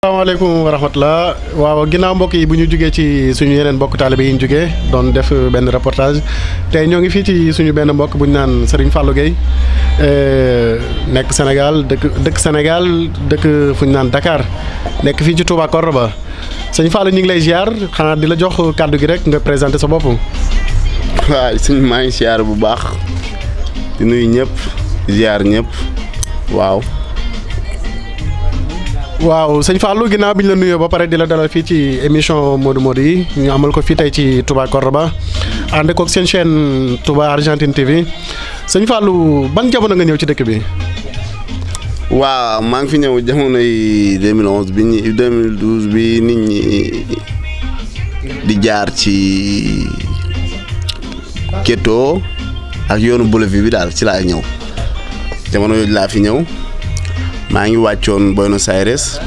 asalaamaaleykum wa rahmatulah waaw ginnaaw mbokk yi bu ñu jugee ci suñu yeneen mbokk taalibe yi ñu jugee doon def benn reportage tey ñoo ngi fii ci suñu benn mbokk bu ñu naan Serigne Fallou Gueye eh, nekk Sénégal dëkk dëkk Sénégal dëkk fu ñu naan dakaar nekk fii ci Touba Cordoba sëñ Fallou ñu ngi lay gear xanaa di la jox kàddu gi rek nga présenté sa bopp. waaw sëñ maa ngi ziar bu baax di nuyu ñëpp ziar ñëpp waaw. waaw sëñ Fallou ginnaaw bi ñu la nuyoo ba pare di la dalal fii ci émission Modou Modou yi ñu amal ko fii tey ci Touba Cordoba ànd koog seen chaîne Touba Argentine TV sëñ Fallou ban jamono nga ñëw ci dëkk bi. waaw maa ngi fi ñëw jamonoy 2011 bi ñu 2012 bi nit ñi di jaar ci keto ak yoonu boulevard bi daal ci laay ñëw jamono yooyu laa fi ñëw. maa ngi wàccoon Buenos Aires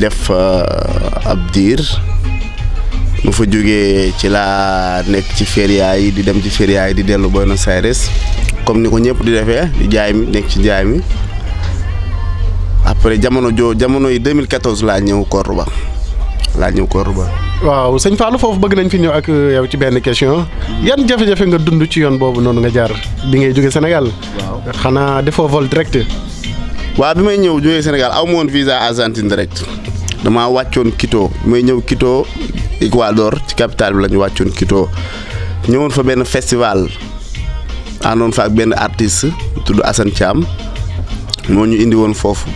def euh, ab diir mu fa jógee ci laa nekk ci feria yi di dem ci feria yi di dellu Buenos Aires comme ni ko ñëpp di defee di jaay mi nekk ci jaay mi après jamono joo jamono yi 2014 laa ñëw Cordoba laa ñëw ba waaw sëñ Fallou foofu bëgg nañ fi ñëw ak euh, yow ci benn question yan jafe-jafe nga dund ci yoon boobu noonu nga jaar bi ngay jóge Sénégal. waaw xanaa defoo vol direct. waaw bi may ñëw jógee Sénégal aw ma woon visa Argentine direct damaa wàccoon Quito may ñëw kito Ecuador ci capital bi lañu wàccoon kito ñëwoon fa benn festival àndoon fa ak benn artiste tudd Assane Thiam moo ñu indi woon foofu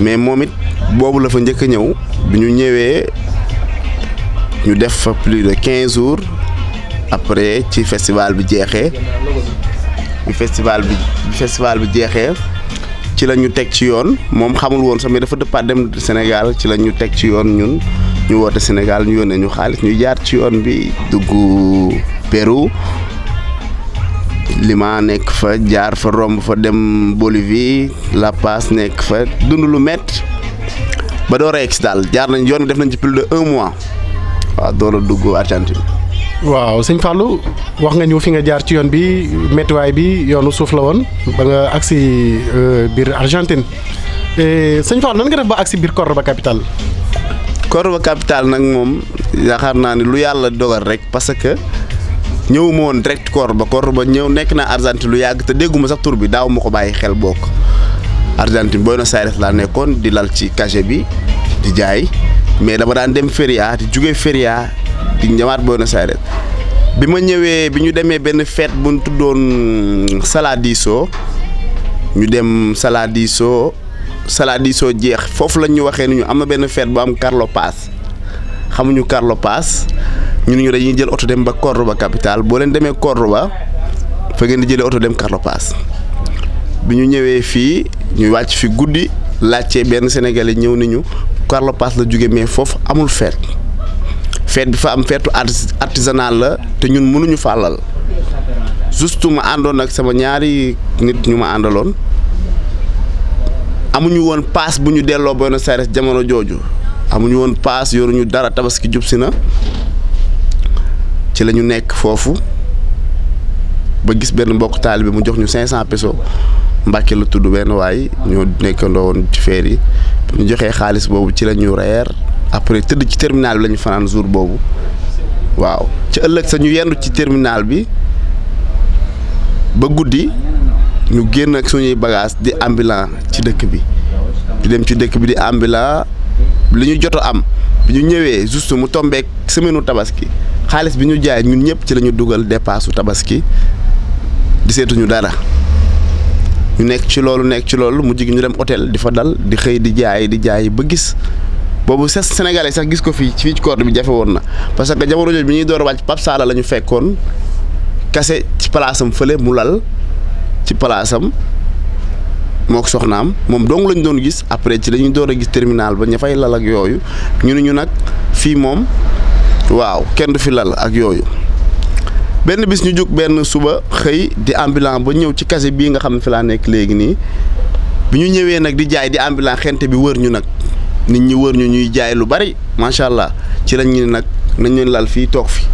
mais moom it boobu la fa njëkk a ñëw bi ñu ñëwee ñu def fa plus de quinze jours après ci festival bi jeexee festival bi festival bi jeexee. ci la ñu teg ci yoon moom xamul woon sax mais dafa dëppaat dem Sénégal ci la ñu teg ci yoon ñun ñu woote Sénégal ñu yónnee ñu xaalis ñu jaar ci yoon bi dugg Pérou Lima nekk fa jaar fa romb fa dem Bolivie La Paz nekk fa dund lu mett ba door a egg jaar nañ yoon bi def nañ ci plus de un mois waaw door a dugg Argentine. waaw sëñ Fallou wax nga ñëw fi nga jaar ci yoon bi méttiwaay bi yoonu suuf la woon ba nga agsi euh, biir Argentine euh, sëñ Fallou nan nga def ba agsi biir Cordoba capital. Cordoba capital nag moom yaakaar naa ne lu yàlla dogal rek parce que ñëw ma woon direct Cordoba ba ñëw nekk naa Argentine lu yàgg te dégguma sax tur bi daaw ma ko bàyyi xel bokk Argentine Buenos Aires laa nekkoon di lal ci cachet bi di jaay mais dama daan dem Feria di jóge fria politique ñëwaat Buenos Aires bi ma ñëwee bi ñu demee benn feet bu ñu tuddoon Saladiso ñu dem Saladiso Saladiso jeex foofu lañ ñu waxee ni ñu am na benn fête bu am Carlos xamuñu Carlos Paz ñu ne ñu dañuy jël auto dem ba Córdoba capitale boo leen demee Córdoba ba ngeen di jëlee oto dem Carlos bi ñu ñëwee fii ñu wàcc fi guddi laajte benn Sénégalais ñëw nañu Carlos Paz la jóge mais foofu amul feet feet bi fa am feetu artisanal la te ñun mënuñu fàllal juste ma àndoon ak sama ñaari nit ñu ma àndaloon amuñu woon paas bu ñu delloo Buenos Aires jamono jooju amuñu woon paas yoruñu dara tabaski jub si na ci la ñu nekk foofu ba gis benn mbokk taalibe mu jox ñu 500 pesos Mbàkke la tudd benn waay ñoo nekkandoo woon ci feer yi bu ñu joxee xaalis boobu ci la ñu reer après tëdd ci terminal bi la ñu fanaan jour boobu waaw ci ëllëg sa ñu yendu ci terminal bi ba guddi ñu génn ak suñuy bagage di ambulant ci dëkk bi di dem ci dëkk bi di ambulant li ñu joto am bi ñu ñëwee juste mu tombeek semaine tabaski xaalis bi ñu jaay ñun ñëpp ci lañu dugal depaasu tabaski di seetuñu dara ñu nekk ci loolu nekk ci loolu mu jig ñu dem hôtel di fa dal di xëy di jaay di jaay ba gis boobu sax sénégalais sax gis ko fii ci ci corde bi jafe woon na parce que jamono jooju bi ñuy door wàcc Pape Sala la ñu fekkoon kase ci palaasam fële mu lal ci palaasam mook soxnaam moom dong lañ doon gis après ci la ñuy door a gis terminal ba ña fay lal ak yooyu ñu ne ñu nag fii moom waaw kenn du fi lal ak yooyu. benn bis ñu benn suba xëy di ambulant ba ñëw ci kase bii nga xam ne fi laa nekk léegi nii bi ñu ñëwee nag di jaay di ambulant xente bi wër ñu nag. nit ñi wër ñu ñuy jaay lu bari macha allah ci lañ nag nañ lal fii toog fi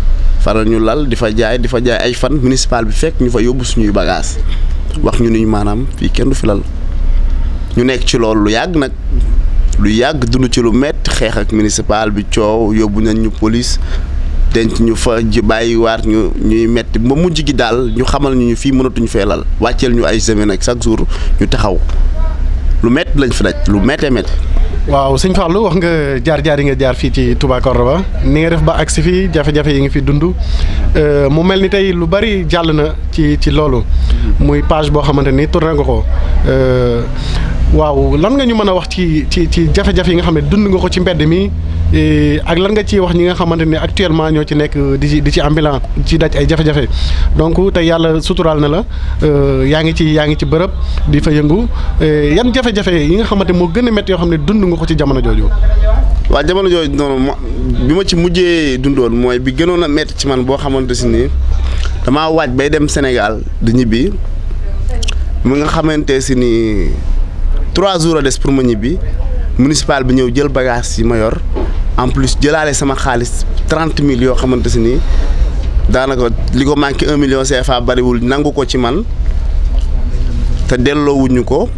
faral ñu lal di fa jaay di fa jaay ay fan municipal bi fekk ñu fa yóbbu suñuy bagage wax ñu ni maanaam fii kenn du fi lal ñu nekk ci lool lu yàgg nag lu yàgg dund ci lu metti xeex ak municipal bi coow yóbbu nañ ñu police denc ñu fa ji bàyyi waat ñu ñuy metti ba mujj gi daal ñu xamal ñu fii mënatuñu fee lal wàcceel ñu ay semaine ak chaque jour ñu taxaw lu métti lañ fi daj lu mete métti. waaw sëñ Fallou wax nga jaar jaar yi nga jaar fii ci Touba ba ni nga def ba agsi fi jafe-jafe yi nga fi dund euh, mu mel ni tey lu bari jàll na ci ci loolu muy page boo xamante ni tourné nga ko. Euh, waaw lan nga ñu mën a wax ci ci ci jafe-jafe yi nga xam ne dund nga ko ci mbedd mi eh, ak lan nga ciy wax ñi nga xamante ni actuellement ñoo ci nekk eh, di ci di ci ambulant ci daj ay jafe-jafe donc tey yàlla suturaal na la eh, yaa ngi ci yaa ngi ci bërëb di fa yëngu yan jafe-jafe yi nga xamante moo gën a métti yoo xam ne dund nga ko ci jamono jooju. waa jamono jooju noonu bi ma ci mujjee dundoon mooy bi gënoon a métti ci man boo xamante si ni damaa waaj bay dem Sénégal di ñibbi mu nga xamante si ni. trois jours a des pour ma ñibbi municipal bi ñëw jël bagage yi ma yor en plus jëlaale sama xaalis trent mille yoo xamante si nii daanaka li ko manqué un million CFA bariwul nangu ko ci man te delloowuñu ko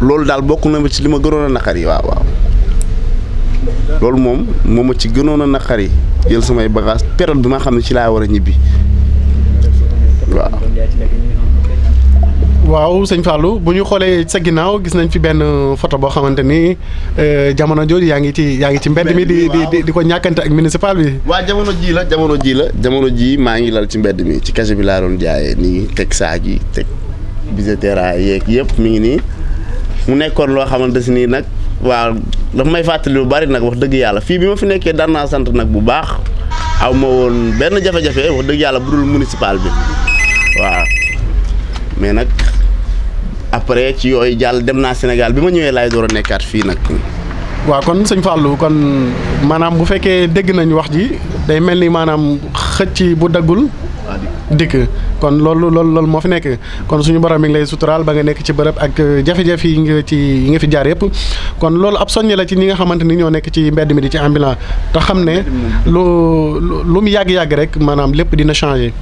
loolu daal bokk na ma ci li ma gënoon a naqar yi waaw waaw loolu moom moo ma ci gënoon a naqar yi jël samay bagage période bi ma xam ne ci laa war a ñibbi waaw waaw sëñ Fallou bu ñu xoolee sa ginnaaw gis nañ fi benn euh, photo boo xamante ni euh, jamono jooju yaa ngi ci yaa ngi ci mbedd mi di di di ko ñàkkante ak municipal bi. waa jamono jii la jamono jii la jamono ji maa ngi lal ci mbedd mi ci cachet bi laa doon jaayee nii teg saag yi teg bisetera yeeg yëpp mi ngi nii mu nekkoon loo xamante si nii nag waaw dafa may fàttali lu bari nag wax dëgg yàlla fii bi ma fi nekkee daan sant nag bu baax aw ma woon benn jafe-jafe wax dëgg yàlla bu municipal bi waaw mais nag. après ci yooyu jàll dem naa Sénégal bi ma ñëwee laay door a nekkaat fii nag. waaw kon sëñ Fallou kon maanaam bu fekkee dégg nañu wax ji day mel ni maanaam xëcc bu daggul. dikk kon loolu loolu loolu moo fi nekk kon suñu borom mi ngi lay suturaal ba nga nekk ci bërëb ak jafe-jafe yi nga ci yi nga fi jaar yëpp kon loolu ab soññe la ci ñi nga xamante ni ñoo nekk ci mbedd mi di ci ambulant te xam ne lu lu mu yàgg-yàgg rek maanaam lépp dina changé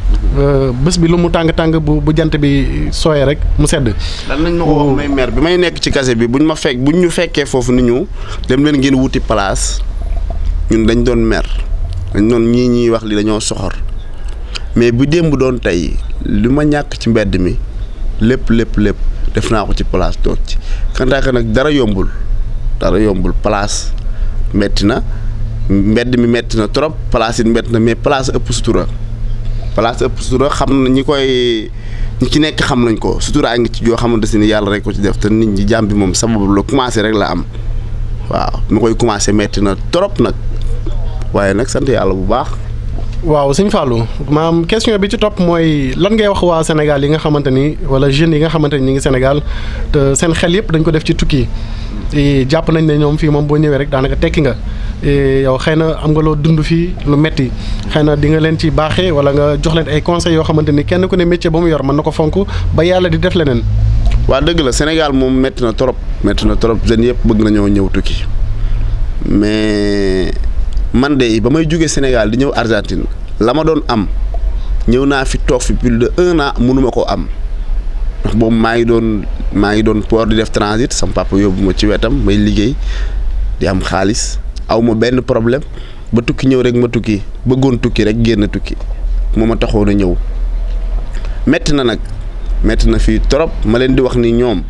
euh, bés bi lu mu tàng-tàng bu bu jant bi sooyee rek mu sedd lan nañ ma ko wax may maire bi may nekk ci kase bi bu ñu ma fekk buñ ñu fekkee foofu ni ñu dem leen ngeen wuti place ñun dañ doon maire dañ doon ñii ñiy wax li dañoo soxor mais bu démb doon tey li ma ñàkk ci mbedd mi lépp lépp lépp def naa ko ci place toog ci kantaaka nag dara yombul dara yombul place metti na mbedd mi metti na trop place it metti na mais place ëpp sutura place ëpp sutura xam na ñi koy ñi ci nekk xam nañ ko sutura a ngi ci joo xamante si ni yàlla rek ko ci def te nit ñi jàmm bi moom sababu la commencé rek la am waaw mu koy commencé metti na trop nag waaye nag sant yàlla bu baax waaw sëñ Fallou maam question bi ci topp mooy lan ngay wax waa Sénégal yi nga xamante ni wala jeunes yi nga xamante ni ñu ngi Sénégal te seen xel yëpp dañ ko def ci tukki e, jàpp nañ ne ñoom fii moom boo ñëwee rek daanaka tekki nga e, yow xëy na am nga loo dund fii lu metti xëy na di nga leen ci baaxe wala nga jox leen ay conseil yoo xamante ni kenn ku ne métier ba mu yor mën na ko fonk ba yàlla di def leneen. waa dëgg la Sénégal moom métti na trop métti na trop jeunes yëpp bëgg nañoo ñëw tukki man de ba may jugee Sénégal di ñëw Argentine la ma doon am ñëw naa fi toog fi plus de un an mënuma ko am ndax boobu maa ngi doon maa ngi doon port di def transit sama papa yóbbu ma ci wetam may liggéey di am xaalis aw ma benn problème ba tukki ñëw rek ma tukki bëggoon tukki rek génn tukki moo ma taxoon a ñëw metti na nag metti na fii trop ma leen di wax ni ñoom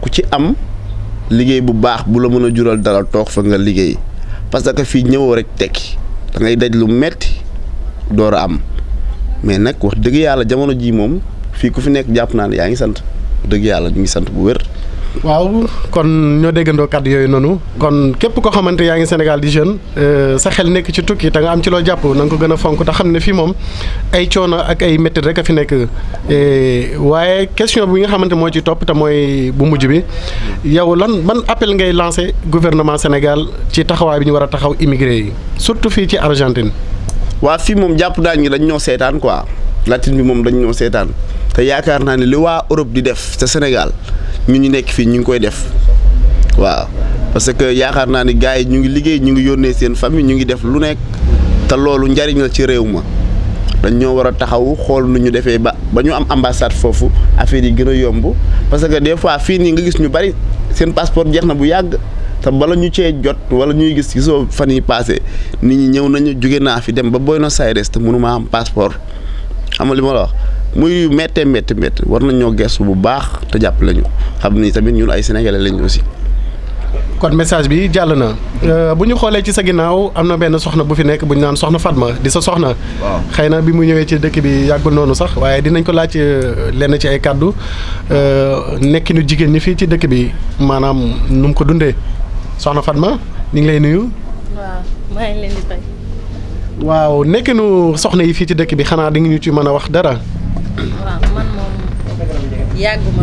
ku ci am liggéey bu baax bu la mën a jural dara toog fa nga liggéey parce que fii ñëwoo rek tekki da ngay daj lu metti door a am mais nag wax dëgg yàlla jamono jii moom fii ku fi nekk jàpp naa ne yaa ngi sant dëgg yàlla ñu ngi sant bu wér. waaw kon ñoo déggandoo kàddu yooyu noonu kon képp koo xamante yaa ngi Sénégal di jeune euh, sa xel nekk ci tukki te nga am ci loo jàpp na nga ko gën a fonk te xam ne fii moom ay coono ak ay méttit rek a fi nekk waaye question bi nga xamante moo ci topp mooy bu mujj bi yow lan ban appel ngay lancé gouvernement Sénégal ci taxawaay bi ñu war a taxaw immigré yi surtout fii ci Argentine. waa fii moom jàpp naa ñu dañ ñoo seetaan quoi latin bi moom dañ ñoo seetaan te yaakaar naa ne li waa Europe di def te Sénégal. ñu ñu nekk fii ñu ngi koy def waaw parce que yaakaar naa ni gars yi ñu ngi liggéey ñu ngi yónnee seen famille ñu ngi def lu nekk te loolu njariñ la ci réew ma dañ ñoo war a taxaw xool nu ñu defee ba ba ñu am ambassade foofu affaire yi gën a yomb parce que des fois fii nii nga gis ñu bari seen passeport jeex na bu yàgg te bala ñu cee jot wala ñuy gis gisoo fan yi passé nit ñi ñëw nañu jóge naa fi dem ba Buenos Aires te mënuma am passeport xam nga li ma la wax. muy méttee mett mett war nañ ñoo gestu bu baax te jàpp lañu xam ni tamit ñun ay sénégalais lañ aussi. kon message bi jàll na mm. euh, bu ñu xoolee ci sa ginnaaw am na benn soxna bu fi nekk bu ñu naan soxna Fatma di sa soxna. xëy na bi mu ñëwee ci dëkk bi yàggul noonu sax waaye dinañ ko laaj euh, lenn ci ay kàddu euh, nekkinu jigéen ñi fii ci dëkk bi maanaam nu ko dundee soxna Fatma ñu ngi lay nuyu. waaw nekkinu soxna yi fii ci dëkk bi xanaa di nga ñu ci mën a wax dara. waaw man moom yàgguma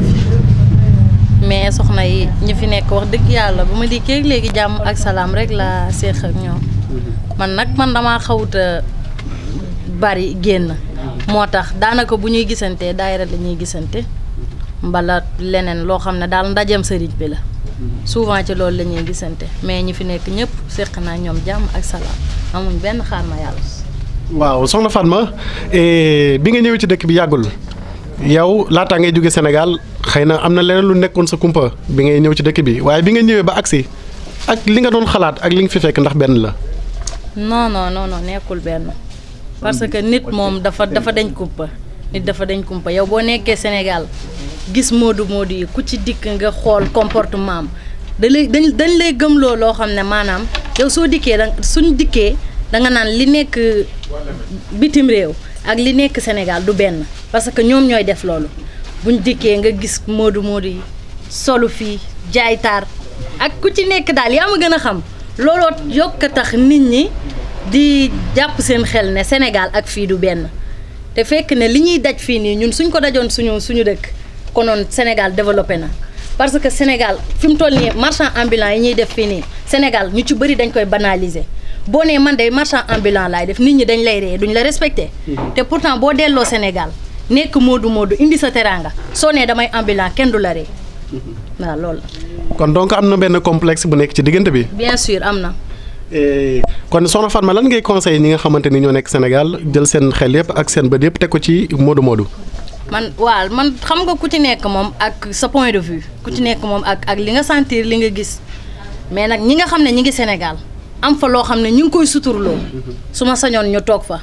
mais soxna yi ñu fi nekk wax dëgg yàlla ba ma dikkee léegi jàmm ak salaam rek laa séex ak ñoom mhm. man nag man dama xawuta bari génn mhm. moo tax daanaka bu ñuy gisantee daayira lañuy gisante mhm. mbala leneen loo xam ne daal ndajeem sëriñ bi la souvent ci loolu lañuy ñuy gisante mais ñu fi nekk ñëpp séq naa ñoom jàmm ak salaam amuñ benn xaar ma yàlla waaw soxna Fatma eh, bi nga ñëwee ci dëkk bi yàggul yow laataa ngay jóge Sénégal xëy na am na leneen lu nekkoon sa kumpa bi ngay ñëw ci dëkk bi waaye bi nga ñëwee ba agsi ak li nga doon xalaat ak li nga fi fekk ndax benn la. non non non non nekkul benn parce que nit moom dafa dafa dañ kumpa nit dafa dañ kumpa yow boo nekkee Sénégal gis moodu-moodu yi ku ci dikk nga xool comportement am da lay dañ dañ lay gëmloo loo xam ne maanaam yow soo dikkee da suñ dikkee da nga li nekk. bitim réew ak li nekk Sénégal du benn parce que ñoom ñooy def loolu bu buñ dikkee nga gis moodu moodu yi solu fii jaay taar ak ku ci nekk daal yaa ma gën a xam looloo yokk a tax nit ñi di jàpp seen xel ne Sénégal ak fii du benn te fekk ne li ñuy daj fii nii ñun suñ ko dajoon suñu suñu dëkk konoon Sénégal développé na parce que Sénégal fi mu toll nii marchand ambulant yi ñuy def fii nii Sénégal ñu ci bëri dañ koy banaliser boo nee man de marchand ambulant laay def nit ñi dañ lay ree duñu la respecté. Mhm. te pourtant boo delloo Sénégal nekk moodu moodu indi sa teraanga soo nee damay ambulant kenn du la ree mhm. waaw loolu kon donc am na benn complexe bu nekk ci diggante bi. bien sûr am na. Eh, kon soxna Fatma lan ngay conseil ñi nga xamante ni ñoo nekk Sénégal jël seen xel yëpp ak seen bët yëpp teg ko ci moodu moodu. man waa man xam nga ku ci nekk moom ak sa point de vue. ku ci nekk moom ak ak li nga sentir li nga gis mais nag ñi nga xam ne ñi ngi Sénégal. am fa loo xam ne ñu ngi koy suturloo mhm. su ma sañoon ñu toog fa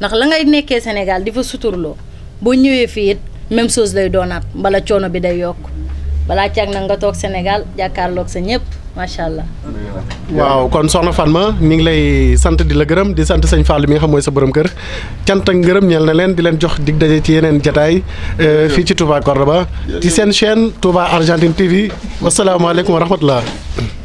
ndax la ngay nekkee Sénégal di fa suturloo boo ñëwee fii it même chose lay doonaat mbala coono bi day yokk balaa caag nag nga toog Sénégal jàkkaarloog sa ñëpp macha allah. waaw kon soxna Fatma mi ngi lay sant di la gërëm di sant sëñ Fall mi nga xam mooy sa borom kër cant ak ngërëm ñeel na leen di leen jox dig daje ci yeneen jataay euh, fii ci Touba ba ci seen chaîne Touba Argentine TV wasalaamaaleykum wa rahmatullah